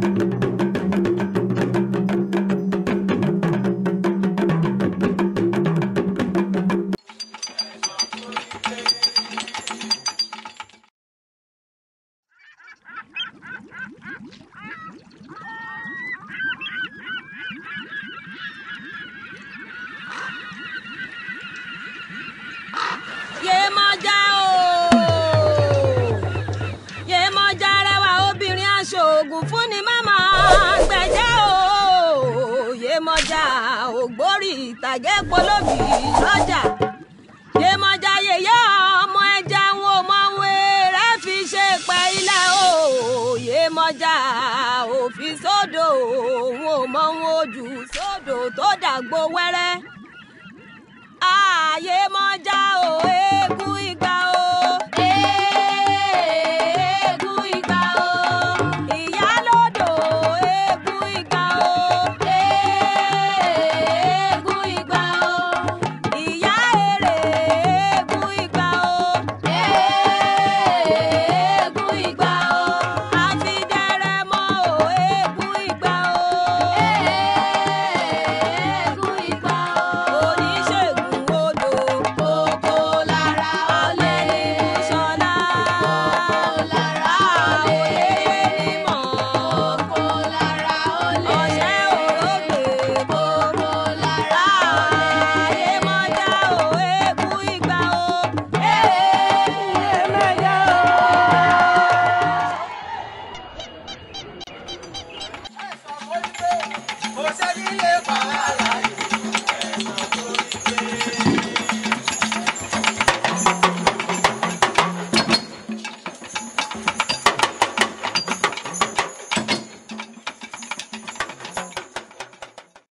Thank you. ṣoògùn fún ni má máa gbẹ̀jẹ̀ o Yemọja ògbórí ìtàgé polóbì lọ́jà Yemọja yèyé ọmọ ẹja wọn ò mọ wẹrẹ fi ṣe pa ilẹ̀ o Yemọja òfin sódò òun ò mọ wọn ojú sódò tó dàgbò wẹ́rẹ́. 我下乐。